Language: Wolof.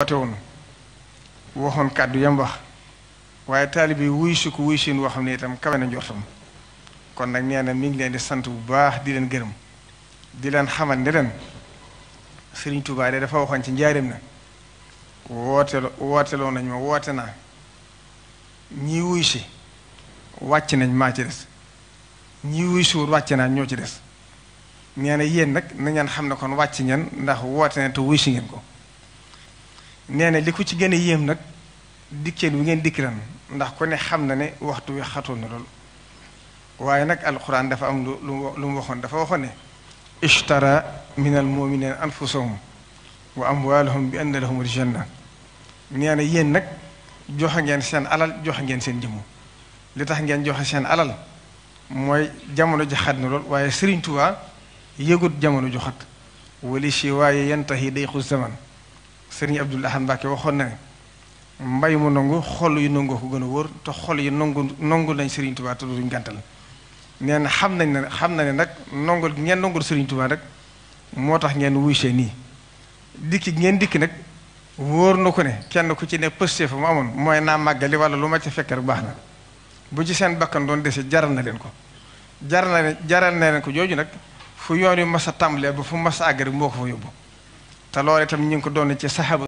wate waxoon kàddu yam wax waaye taalibe yi wuy si ko wuy siin woo xam ne itam kawe na njortam kon nag nee na mi ngi leen di sant bu baax di leen gërëm di leen xamal ne leen Sëriñ Tuubaa de dafa waxoon ci njaareem na wootelo wooteloo nañ ma woote naa ñii wuy si wàcc nañ maa ci des ñii wuy si wut wàcc naa ñoo ci des nee na yéen nag na ngeen xam ne kon wàcc ngeen ndax woote na te wuy si ngeen ko nee na li ku ci gën a yéem nag dikkeen bi ngeen dikk ren ndax ko ne xam na ne waxtu wi xatoon na lool waaye nag alxuraan dafa am lu lu mu waxoon dafa waxoon ne ishtara min al muminina anfusahum wa amwaalahum bi anna lahum al janna nee na yéen nag joxe ngeen seen alal joxe ngeen seen jëmm li tax ngeen joxe seen alal mooy jamono ji xat na lool waaye Sëriñ Tuubaa yëgut jamono ju xat wali si waaye yantahi day xus zaman sëriñ Abdul Ahad Mbacke waxoon na ne mbay mu nangu xol yu nangoo ko gën a wóor te xol yi nangu nangu nañ sëriñ Tuubaa te duñ gàntal nee na xam nañ ne xam na ne nag nongul ngeen nongul sëriñ Tuubaa nag moo tax ngeen wuy see nii dikki ngeen dikki nag wóor na ko ne kenn ku ci ne pëste fa mu amoon mooy naa màggali wala lu ma ca fekk rek baax na bu ci seen bakkan doon dese jaral na leen ko jaral na leen jaral na leen ko jooju nag fu yoon yu mas a tàmbalee ba fu mas a àgg moo ko fa yóbbu te loolu itam ñu ngi ko doon ci saxaaba